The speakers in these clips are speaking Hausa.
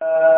Uh...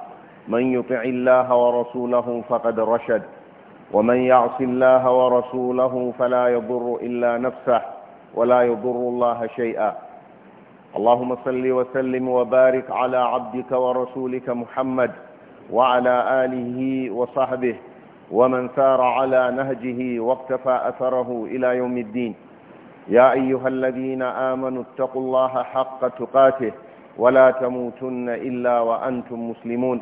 من يطع الله ورسوله فقد رشد ومن يعص الله ورسوله فلا يضر إلا نفسه ولا يضر الله شيئا اللهم صل وسلم وبارك على عبدك ورسولك محمد وعلى آله وصحبه ومن سار على نهجه واقتفى أثره إلى يوم الدين يا أيها الذين آمنوا اتقوا الله حق تقاته ولا تموتن إلا وأنتم مسلمون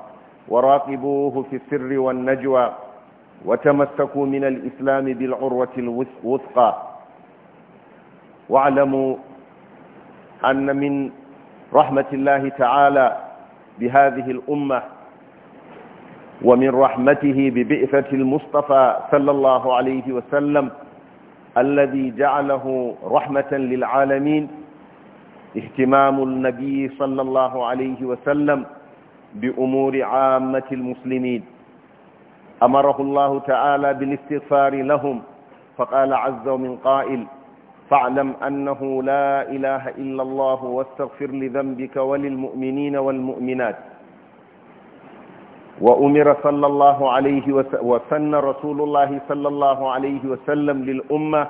وراقبوه في السر والنجوى وتمسكوا من الإسلام بالعروة الوثقى واعلموا أن من رحمة الله تعالى بهذه الأمة ومن رحمته ببئفة المصطفى صلى الله عليه وسلم الذي جعله رحمة للعالمين اهتمام النبي صلى الله عليه وسلم بأمور عامة المسلمين أمره الله تعالى بالاستغفار لهم فقال عز من قائل فاعلم أنه لا إله إلا الله واستغفر لذنبك وللمؤمنين والمؤمنات وأمر صلى الله عليه وسلم وسن رسول الله صلى الله عليه وسلم للأمة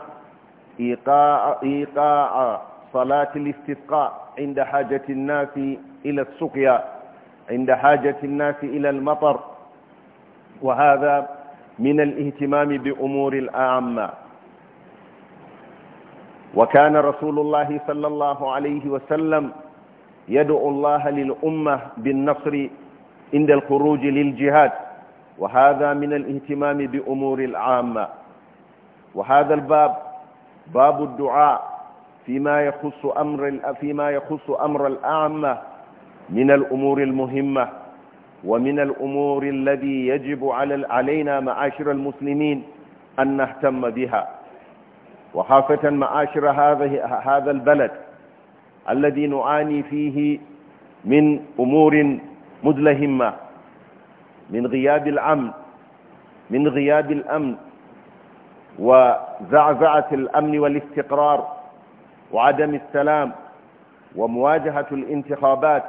إيقاع, إيقاع صلاة الاستسقاء عند حاجة الناس إلى السقيا عند حاجة الناس إلى المطر وهذا من الاهتمام بأمور الأعمى وكان رسول الله صلى الله عليه وسلم يدعو الله للأمة بالنصر عند الخروج للجهاد وهذا من الاهتمام بأمور العامة وهذا الباب باب الدعاء فيما يخص أمر فيما يخص أمر الأعمة من الأمور المهمة ومن الأمور الذي يجب على علينا معاشر المسلمين أن نهتم بها وخاصة معاشر هذا البلد الذي نعاني فيه من أمور مدلهمة من غياب الأمن من غياب الأمن وزعزعة الأمن والاستقرار وعدم السلام ومواجهة الانتخابات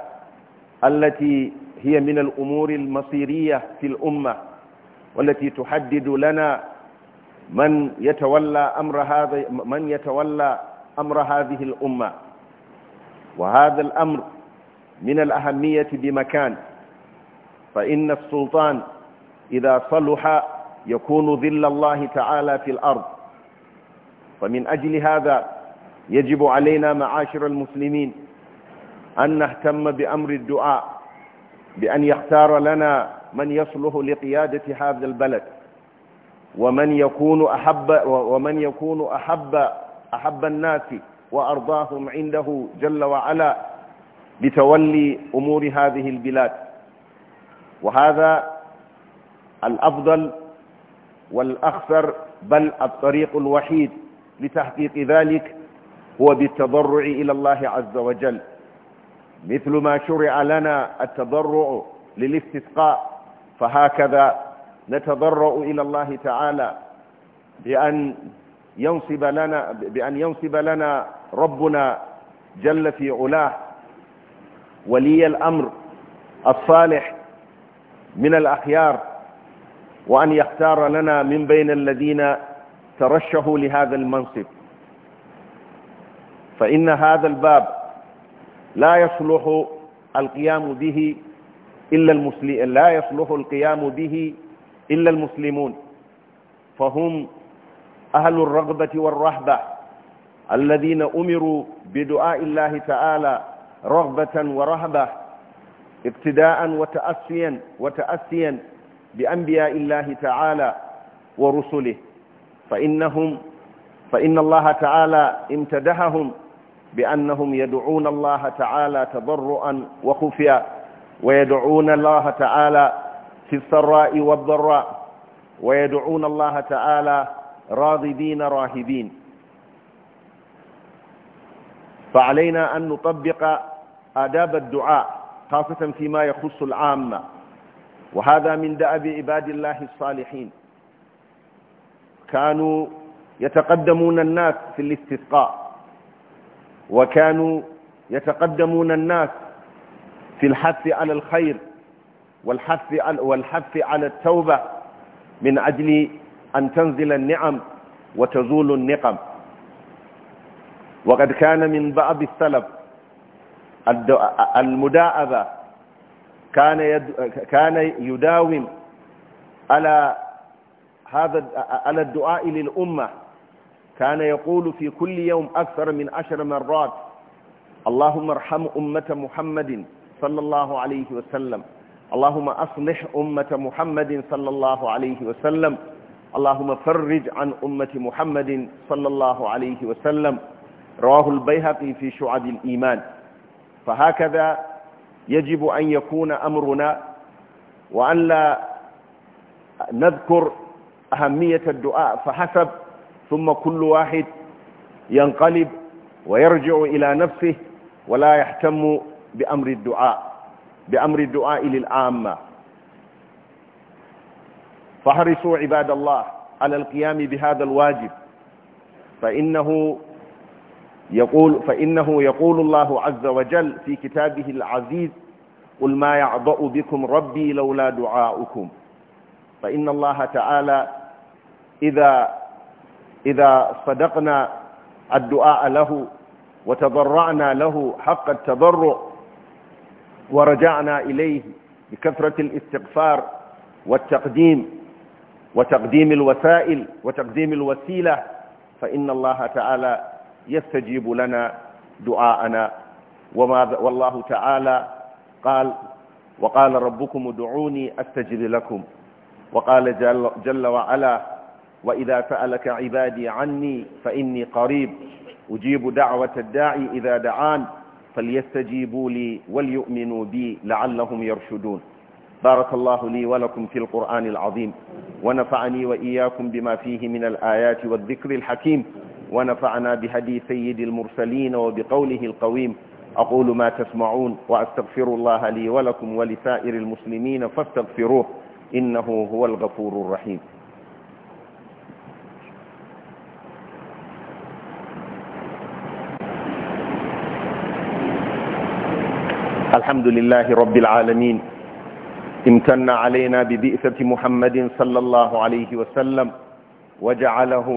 التي هي من الأمور المصيرية في الأمة والتي تحدد لنا من يتولى أمر هذا من يتولى أمر هذه الأمة وهذا الأمر من الأهمية بمكان فإن السلطان إذا صلح يكون ظل الله تعالى في الأرض فمن أجل هذا يجب علينا معاشر المسلمين أن نهتم بأمر الدعاء بأن يختار لنا من يصلح لقيادة هذا البلد ومن يكون أحب, ومن يكون أحب, أحب الناس وأرضاهم عنده جل وعلا بتولي أمور هذه البلاد وهذا الأفضل والأخسر بل الطريق الوحيد لتحقيق ذلك هو بالتضرع إلى الله عز وجل مثل ما شرع لنا التضرع للاستسقاء فهكذا نتضرع إلى الله تعالى بأن ينصب لنا بأن ينصب لنا ربنا جل في علاه ولي الأمر الصالح من الأخيار وأن يختار لنا من بين الذين ترشحوا لهذا المنصب فإن هذا الباب لا يصلح القيام به إلا المسلم لا يصلح القيام به إلا المسلمون فهم أهل الرغبة والرهبة الذين أمروا بدعاء الله تعالى رغبة ورهبة ابتداء وتأسيا وتأسيا بأنبياء الله تعالى ورسله فإنهم فإن الله تعالى امتدحهم بأنهم يدعون الله تعالى تضرعا وخفيا ويدعون الله تعالى في السراء والضراء ويدعون الله تعالى راغبين راهبين فعلينا أن نطبق آداب الدعاء خاصة فيما يخص العامة وهذا من دأب عباد الله الصالحين كانوا يتقدمون الناس في الاستسقاء وكانوا يتقدمون الناس في الحث على الخير والحث على, والحث على التوبة من أجل أن تنزل النعم وتزول النقم وقد كان من بعض السلف المداعبة كان كان يداوم على هذا على الدعاء للأمة كان يقول في كل يوم أكثر من عشر مرات اللهم ارحم أمة محمد صلى الله عليه وسلم اللهم أصلح أمة محمد صلى الله عليه وسلم اللهم فرج عن أمة محمد صلى الله عليه وسلم رواه البيهقي في شعب الإيمان فهكذا يجب أن يكون أمرنا وأن لا نذكر أهمية الدعاء فحسب ثم كل واحد ينقلب ويرجع إلى نفسه ولا يهتم بأمر الدعاء بأمر الدعاء للعامة فحرصوا عباد الله على القيام بهذا الواجب فإنه يقول فإنه يقول الله عز وجل في كتابه العزيز قل ما يعضأ بكم ربي لولا دعاؤكم فإن الله تعالى إذا إذا صدقنا الدعاء له وتضرعنا له حق التضرع ورجعنا إليه بكثرة الاستغفار والتقديم وتقديم الوسائل وتقديم الوسيلة فإن الله تعالى يستجيب لنا دعاءنا وما والله تعالى قال وقال ربكم ادعوني أستجب لكم وقال جل, جل وعلا وإذا سألك عبادي عني فإني قريب أجيب دعوة الداعي إذا دعان فليستجيبوا لي وليؤمنوا بي لعلهم يرشدون بارك الله لي ولكم في القرآن العظيم ونفعني وإياكم بما فيه من الآيات والذكر الحكيم ونفعنا بهدي سيد المرسلين وبقوله القويم أقول ما تسمعون وأستغفر الله لي ولكم ولسائر المسلمين فاستغفروه إنه هو الغفور الرحيم الحمد لله رب العالمين امتن علينا ببئسة محمد صلى الله عليه وسلم وجعله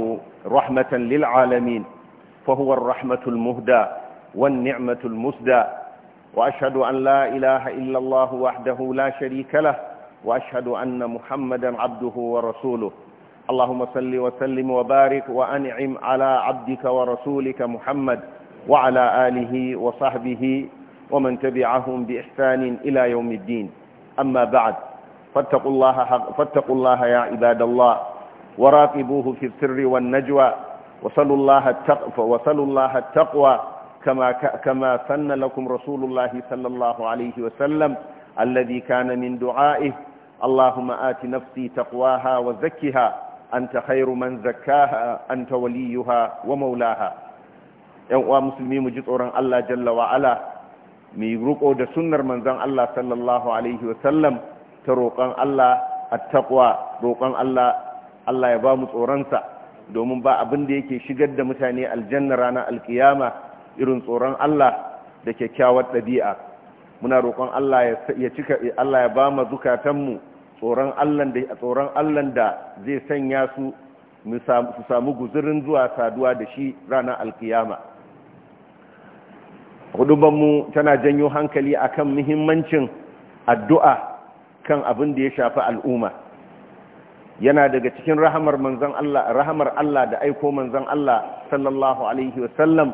رحمة للعالمين فهو الرحمة المهدى والنعمة المسدى وأشهد أن لا إله إلا الله وحده لا شريك له وأشهد أن محمدا عبده ورسوله اللهم صل وسلم وبارك وأنعم على عبدك ورسولك محمد وعلى آله وصحبه ومن تبعهم بإحسان إلى يوم الدين أما بعد فاتقوا الله, فاتقوا الله يا عباد الله وراقبوه في السر والنجوى وصلوا الله التقوى, وصلوا الله التقوى كما, كما سن لكم رسول الله صلى الله عليه وسلم الذي كان من دعائه اللهم آت نفسي تقواها وزكها أنت خير من زكاها أنت وليها ومولاها يوم مسلمين مجد أوران الله جل وعلا mu yi roƙo da sunnar manzon Allah sallallahu alaihi wasallam ta roƙon Allah taƙwa roƙon Allah Allah ya ba mu tsoronsa domin ba abin da yake shigar da mutane aljanna ranar alkiyama irin tsoron Allah da kyakkyawar ɗabi'a muna roƙon Allah ya cika Allah ya ba mu zukatanmu tsoron Allah da zai sanya su su samu guzurin zuwa saduwa da shi ranar alkiyama hudubanmu tana janyo hankali a kan muhimmancin addu'a kan abin da ya shafi al'umma yana daga cikin rahamar manzan Allah rahamar Allah da aiko manzan Allah sallallahu alaihi wasallam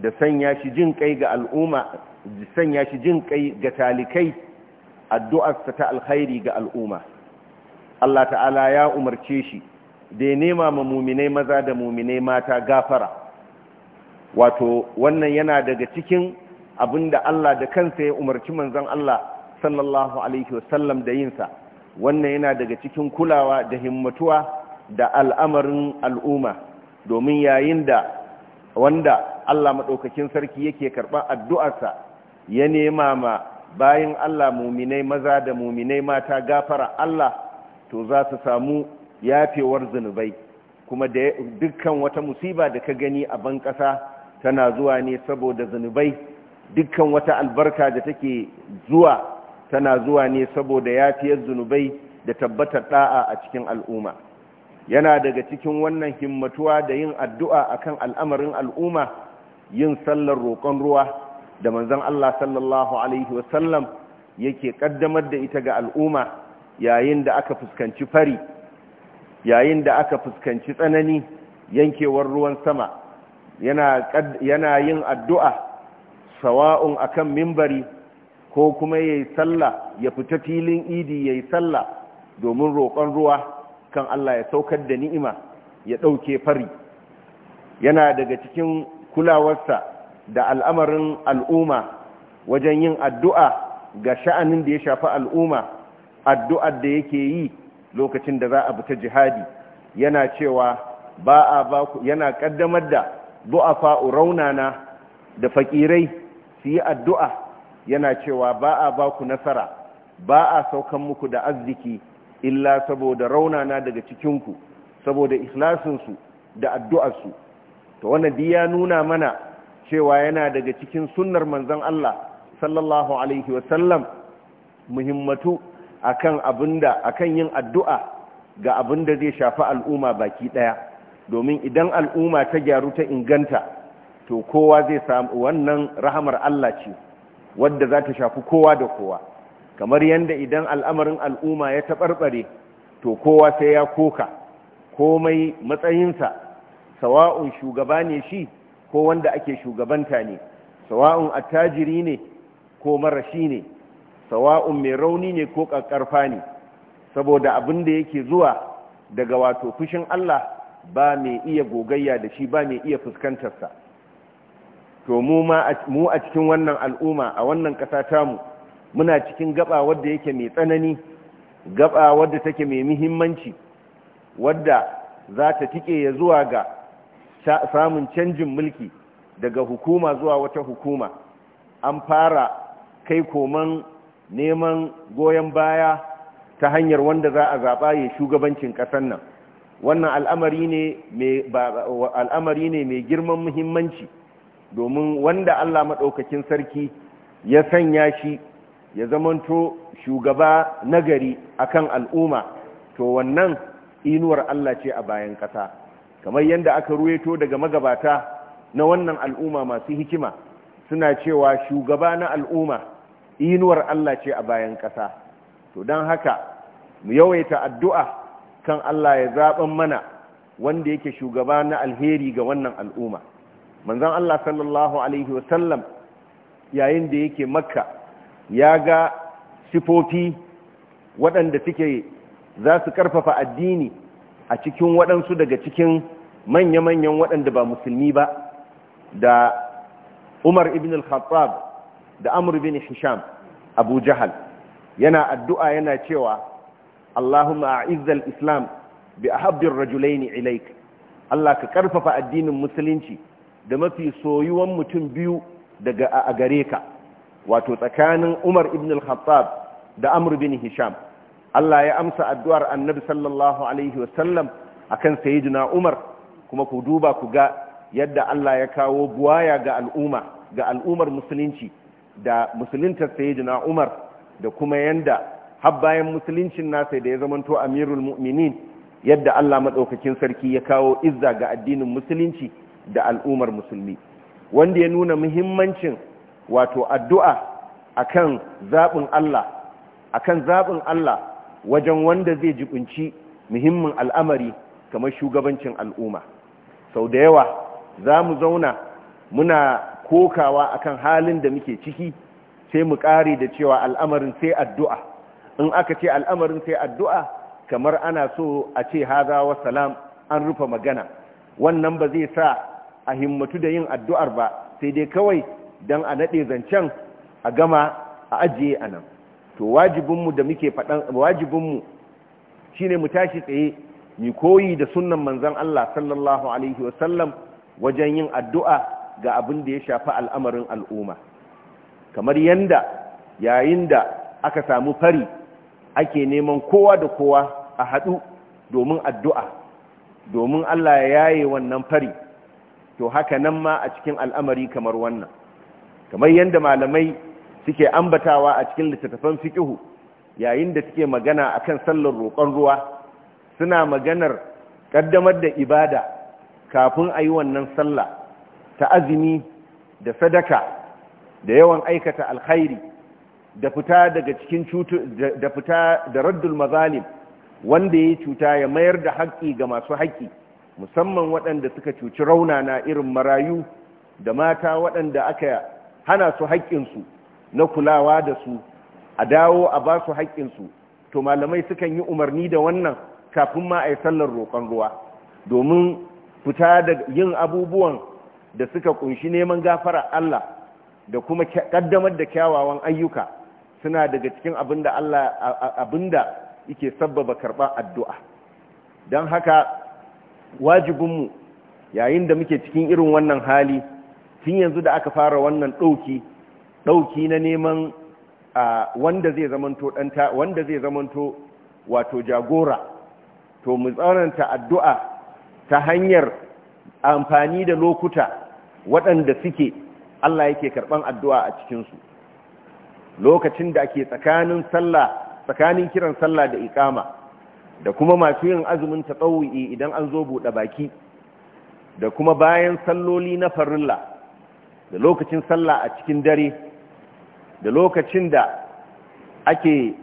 da sanya shi jin kai ga al'umma da sanya shi jin kai ga talikai addu'arsa ta alkhairi ga al'umma Allah ta'ala ya umarce shi da ya nema ma muminai maza da muminai mata gafara wato wannan yana daga cikin abinda Allah da kansa ya umarci manzon Allah sallallahu alaihi wasallam da yinsa wannan yana daga cikin kulawa da himmatuwa da al'amarin al'umma domin yayin da wanda Allah madaukakin sarki yake karɓar addu'arsa ya nema ma bayan Allah muminai maza da muminai mata gafara Allah to za su samu yafewar zunubai kuma da dukkan wata musiba da ka gani a ban ƙasa tana zuwa ne saboda zunubai dukkan wata albarka da take zuwa tana zuwa ne saboda yafiyar zunubai da tabbatar da'a a cikin al'umma yana daga cikin wannan himmatuwa da yin addu'a akan al'amarin al'umma yin sallar roƙon ruwa da manzon Allah sallallahu alaihi wasallam yake kaddamar da ita ga al'umma yayin da aka fuskanci fari yayin da aka fuskanci tsanani yankewar ruwan sama yana yin addu'a sawa'un akan mimbari ko kuma ya yi sallah ya fita filin idi ya yi sallah domin roƙon ruwa kan Allah ya saukar da ni'ima ya ɗauke fari yana daga cikin kulawarsa da al'amarin al'umma wajen yin addu'a ga sha'anin da ya shafi al'umma addu'ar da yake yi lokacin da za a fita jihadi yana cewa ba a ba yana ƙaddamar da du'afa raunana da fakirai su yi addu'a yana cewa ba a ba ku nasara ba a saukan muku da arziki illa saboda raunana daga cikinku saboda ikhlasinsu da addu'arsu to wannan ya nuna mana cewa yana daga cikin sunnar manzon Allah sallallahu alaihi wasallam muhimmatu akan abinda akan yin addu'a ga abinda zai shafi al'umma baki ɗaya? domin idan al'umma ta gyaru ta inganta to kowa zai samu wannan rahamar Allah ce wadda za ta shafi kowa da kowa kamar yadda idan al'amarin al'umma ya taɓarɓare to kowa sai ya koka komai matsayinsa sawa'un shugaba ne shi ko wanda ake shugabanta ne sawa'un attajiri ne ko marashi ne sawa'un mai rauni ne ko ƙarƙarfa ne saboda abin da yake zuwa daga wato fushin Allah ba mai iya gogayya da shi ba mai iya fuskantarsa to mu a cikin wannan al'umma a wannan ƙasa tamu muna cikin gaba wadda yake mai tsanani gaba wadda take mai muhimmanci wadda za ta tike ya zuwa ga samun canjin mulki daga hukuma zuwa wata hukuma an fara kai koman neman goyon baya ta hanyar wanda za a zaɓa ya shugabancin ƙasar nan wannan al'amari ne mai girman muhimmanci domin wanda Allah maɗaukakin sarki ya sanya shi ya zamanto shugaba nagari akan al'umma to wannan inuwar Allah ce a bayan ƙasa kamar yadda aka ruweto daga magabata na wannan al'umma masu hikima suna cewa shugaba na al'umma inuwar Allah ce a bayan ƙasa to don haka mu yawaita addu'a kan Allah ya zaɓen mana wanda yake shugaba na alheri ga wannan al'umma manzon Allah sallallahu alaihi wasallam yayin da yake makka ya ga sifofi waɗanda suke za su ƙarfafa addini a cikin waɗansu daga cikin manya-manyan waɗanda ba musulmi ba da umar ibn al-khattab da amur ibn hisham abu jahal yana addu'a yana cewa Allahuma a'izz al-islam bi ahabbi ar-rajulayn ilayk Allah ka karfafa addinin musulunci da mafi soyuwan mutum biyu daga a gare wato tsakanin Umar ibn al da Amr bin Hisham Allah ya amsa addu'ar Annabi sallallahu alaihi wasallam akan sayyidina Umar kuma ku duba ku ga yadda Allah ya kawo buwaya ga al'umma ga al'ummar musulunci da musuluntar sayyidina Umar da kuma yanda har bayan musuluncin nasa da ya zamanto amirul mu'minin yadda Allah madaukakin sarki ya kawo izza ga addinin musulunci da al'ummar musulmi wanda ya nuna muhimmancin wato addu'a akan zabin Allah akan zabin Allah wajen wanda zai jibunci muhimmin al'amari kamar shugabancin al'umma sau da yawa za mu zauna muna kokawa akan halin da muke ciki sai mu kare da cewa al'amarin sai addu'a in aka ce al'amarin sai addu'a kamar ana so a ce haza wa salam an rufe magana wannan ba zai sa a himmatu da yin addu'ar ba sai dai kawai don a naɗe zancen a gama a ajiye a nan to wajibinmu da muke faɗan wajibinmu shi ne mu tashi tsaye mu koyi da sunan manzan Allah sallallahu Alaihi wasallam wajen yin addu'a ga abin da ya shafi al'amarin al'umma kamar yanda yayin da aka samu fari ake neman kowa da kowa a haɗu domin addu'a domin Allah ya yaye wannan fari to haka nan ma a cikin al'amari kamar wannan kamar yadda malamai suke ambatawa a cikin littattafan fiƙihu yayin da suke magana a kan sallar roƙon ruwa suna maganar ƙaddamar da ibada kafin a yi wannan sallah ta azumi da sadaka da yawan aikata alkhairi da fita daga cikin cutu da fita da raddul mazalim wanda ya cuta ya mayar da haƙƙi ga masu haƙƙi musamman waɗanda suka cuci rauna na irin marayu da mata waɗanda aka hana su haƙƙinsu na kulawa da su a dawo a ba su haƙƙinsu to malamai sukan yi umarni da wannan kafin ma a yi sallar roƙon ruwa domin fita da yin abubuwan da suka ƙunshi neman gafara Allah da kuma ƙaddamar da kyawawan ayyuka suna daga cikin abinda Allah abinda yake sabbaba karɓar addu'a don haka wajibinmu yayin da muke cikin irin wannan hali tun yanzu da aka fara wannan ɗauki ɗauki na neman wanda zai zamanto ɗanta wanda zai zamanto wato jagora to mu tsananta addu'a ta hanyar amfani da lokuta waɗanda suke Allah yake karɓan addu'a a cikinsu lokacin da ake tsakanin sallah tsakanin kiran sallah da ikama da kuma masu yin azumin tatawu'i idan an zo buɗe baki da kuma bayan salloli na farilla da lokacin sallah a cikin dare da lokacin da ake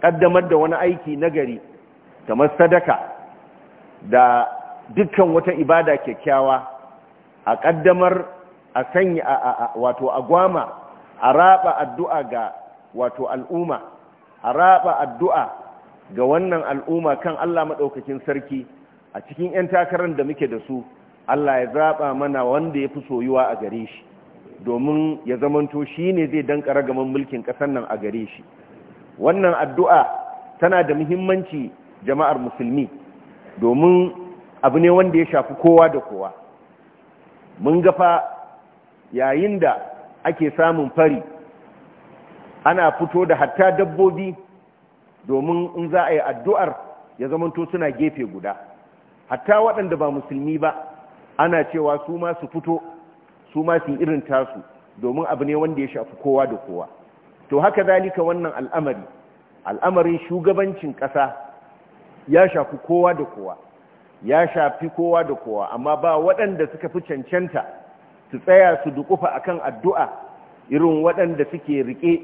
kaddamar da wani aiki nagari kamar sadaka da dukkan wata ibada kyakkyawa a kaddamar a sanya wato agwama a addu'a ga wato al'umma a addu'a ga wannan al'umma kan Allah maɗaukakin sarki a cikin 'yan takarar da muke da su Allah ya zaɓa mana wanda ya fi soyuwa a gare shi domin ya zamanto shi ne zai danka ragaman mulkin ƙasar nan a gare shi wannan addu'a tana da muhimmanci jama'ar musulmi domin abu ne wanda ya shafi kowa da kowa mun gafa yayin da ake samun fari ana fito da hatta dabbobi domin in za a yi addu'ar ya zamanto suna gefe guda hatta waɗanda ba musulmi ba ana cewa su ma su fito su ma su irin tasu domin abu ne wanda ya shafi kowa da kowa to haka zalika wannan al'amari al'amarin shugabancin ƙasa ya shafi kowa da kowa ya shafi kowa da kowa amma ba waɗanda suka fi cancanta su tsaya su dukufa akan addu'a irin waɗanda suke rike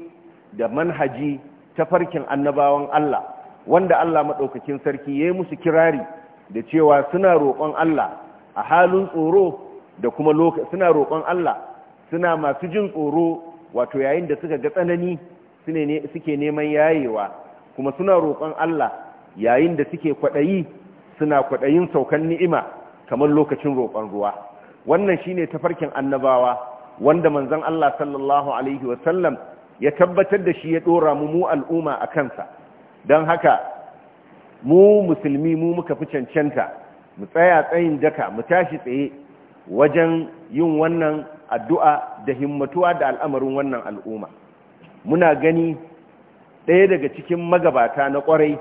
da manhaji ta farkin annabawan Allah wanda Allah maɗaukakin sarki ya yi musu kirari da cewa suna roƙon Allah a halin tsoro da kuma suna roƙon Allah suna masu jin tsoro wato yayin da suka ga tsanani suke neman yayewa kuma suna roƙon Allah yayin da suke kwaɗayi suna kwaɗayin saukan ni'ima kamar lokacin roƙon ruwa wannan shine tafarkin annabawa wanda manzon Allah sallallahu alaihi sallam ya tabbatar da shi ya dora mu mu al'umma a kansa dan haka mu musulmi mu muka fi cancanta mu tsaya tsayin daka mu tashi tsaye wajen yin wannan addu'a da himmatuwa da al'amarin wannan al'umma muna gani ɗaya daga cikin magabata na ƙwarai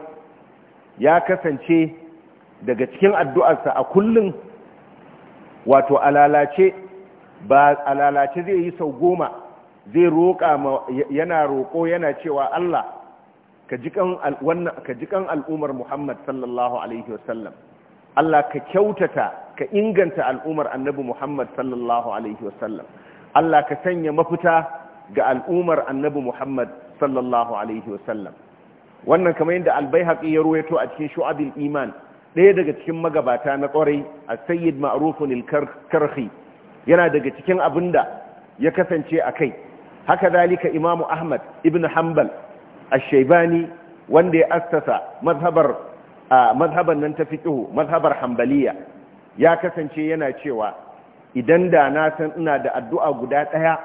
ya kasance daga cikin addu'arsa a kullum wato alalace ba alalace zai yi sau goma zai roƙa yana roƙo yana cewa Allah ka ji kan al'umar Muhammad sallallahu Alaihi wasallam Allah ka kyautata ka inganta al'umar annabi Muhammad sallallahu Alaihi wasallam Allah ka sanya mafita ga al'umar annabi Muhammad sallallahu Alaihi wasallam wannan kamar yadda albai haƙi ya ruwaito a cikin shu'abin iman ɗaya daga cikin magabata na ƙwarai a sayyid ma'arufin ilkarhi yana daga cikin abin da ya kasance a kai haka zalika imamu ahmad ibn hanbal shaibani wanda ya assasa mazhabar nan ta fiƙihu mazhabar hambaliya ya kasance yana cewa idan da na san ina da addu'a guda ɗaya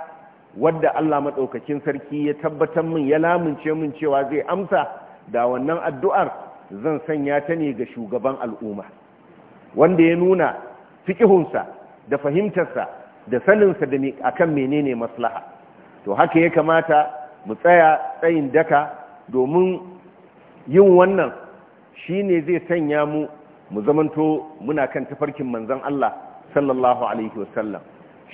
wadda allah maɗaukakin sarki ya tabbatar min ya lamunce min cewa zai amsa da wannan addu'ar zan sanya ta ne ga shugaban al'umma wanda ya nuna fikihunsa da fahimtarsa da saninsa da kan menene maslaha to haka ya kamata mu tsaya tsayin daka domin yin wannan shine zai sanya mu mu zamanto muna kan tafarkin manzon Allah sallallahu alaihi wasallam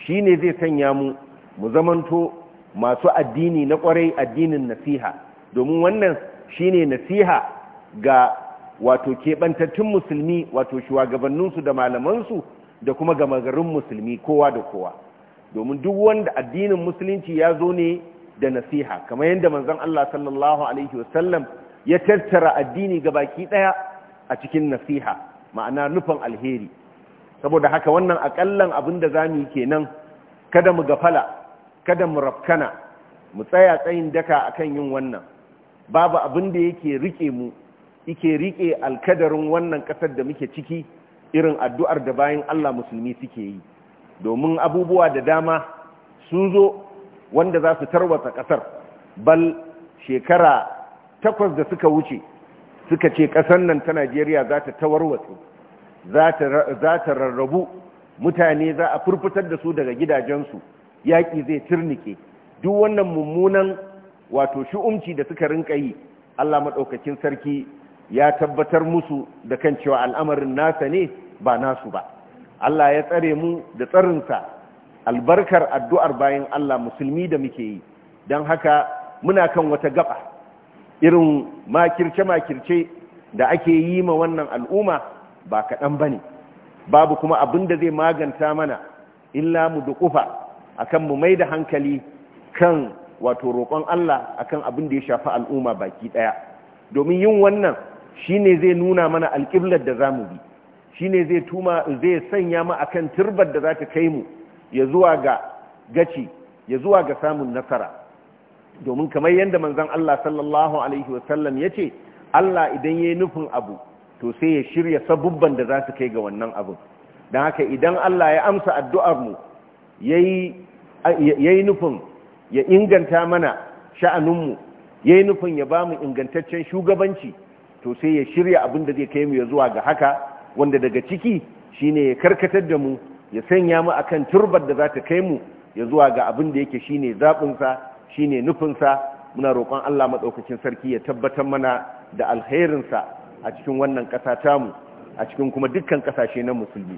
shine zai sanya mu mu zamanto masu addini na kwarai addinin nasiha domin wannan shine nasiha ga wato keɓantattun musulmi wato shugabanninsu da malamansu da kuma gama garin musulmi kowa da kowa domin duk wanda addinin musulunci ya zo ne da nasiha kamar yadda manzon Allah sallallahu alaihi wasallam ya tattara addini ga baki ɗaya a cikin nasiha ma'ana nufin alheri saboda haka wannan akallan abin da za mu yi kenan kada mu gafala kada mu rafkana mu tsaya tsayin daka akan yin wannan babu abin da yake rike mu ike rike alkadarin wannan kasar da muke ciki irin addu'ar da bayan Allah musulmi suke yi domin abubuwa da dama sun zo wanda za su tarwata kasar bal shekara takwas da suka wuce suka ce kasar nan ta Najeriya za ta tawarwatsu za ta rarrabu mutane za a furfutar da su daga gidajensu yaƙi zai turnike duk wannan mummunan wato shu'umci da suka rinƙa yi Allah maɗaukakin sarki ya tabbatar musu da kan cewa al'amarin nasa ne ba nasu ba Allah ya tsare mu da tsarinsa albarkar addu'ar bayan Allah musulmi da muke yi don haka muna kan wata gaba irin makirce-makirce da ake yi ma wannan al'umma ba kaɗan ba ne babu kuma abin da zai maganta mana illa mu duƙufa akan mu mai da hankali kan wato roƙon Allah a kan abin da ya shafi al'umma baki ɗaya domin yin wannan shine zai nuna mana alƙiblar da za mu bi shine zai tuma zai sanya mu kan turbar da za ta kai mu ya zuwa ga gaci ya zuwa ga samun nasara domin kamar yadda manzon Allah sallallahu alaihi wasallam ya ce Allah idan ya yi nufin abu to sai ya shirya sabubban da za su kai ga wannan abin don haka idan Allah ya amsa addu'ar mu ya yi nufin ya inganta mana sha'anunmu ya yi nufin ya ba mu ingantaccen shugabanci to sai ya shirya abin da zai kai mu ya zuwa ga haka wanda daga ciki shine ya karkatar da mu ya sanya mu akan turbar da za ta kai mu ya zuwa ga abin da yake shine zaɓinsa shine nufinsa muna roƙon Allah maɗaukacin sarki ya tabbatar mana da alherinsa a cikin wannan ƙasa tamu a cikin kuma dukkan ƙasashe na musulmi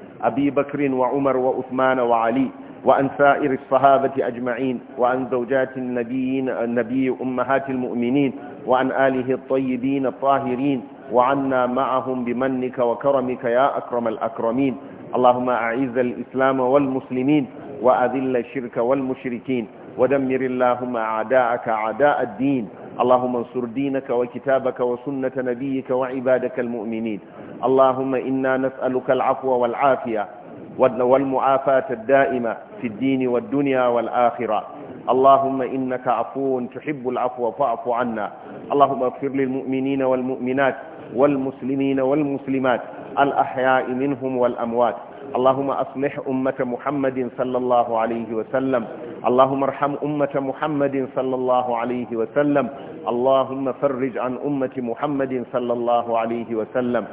أبي بكر وعمر وعثمان وعلي وعن سائر الصحابة أجمعين وعن زوجات النبيين النبي أمهات المؤمنين وعن آله الطيبين الطاهرين وعنا معهم بمنك وكرمك يا أكرم الأكرمين اللهم أعز الإسلام والمسلمين وأذل الشرك والمشركين ودمر اللهم أعداءك أعداء الدين اللهم انصر دينك وكتابك وسنة نبيك وعبادك المؤمنين اللهم إنا نسألك العفو والعافية والمعافاة الدائمة في الدين والدنيا والآخرة اللهم إنك عفو تحب العفو فاعف عنا اللهم اغفر للمؤمنين والمؤمنات والمسلمين والمسلمات الأحياء منهم والأموات اللهم أصلح أمة محمد صلى الله عليه وسلم اللهم ارحم أمة محمد صلى الله عليه وسلم اللهم فرج عن أمة محمد صلى الله عليه وسلم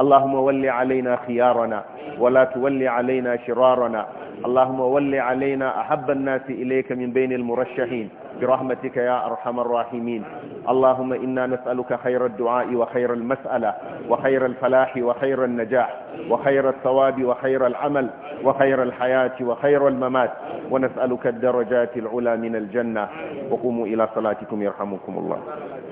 اللهم ولي علينا خيارنا ولا تولي علينا شرارنا اللهم ول علينا أحب الناس إليك من بين المرشحين برحمتك يا أرحم الراحمين اللهم إنا نسألك خير الدعاء وخير المسألة وخير الفلاح وخير النجاح وخير الثواب وخير العمل وخير الحياة وخير الممات ونسألك الدرجات العلى من الجنة وقوموا إلى صلاتكم يرحمكم الله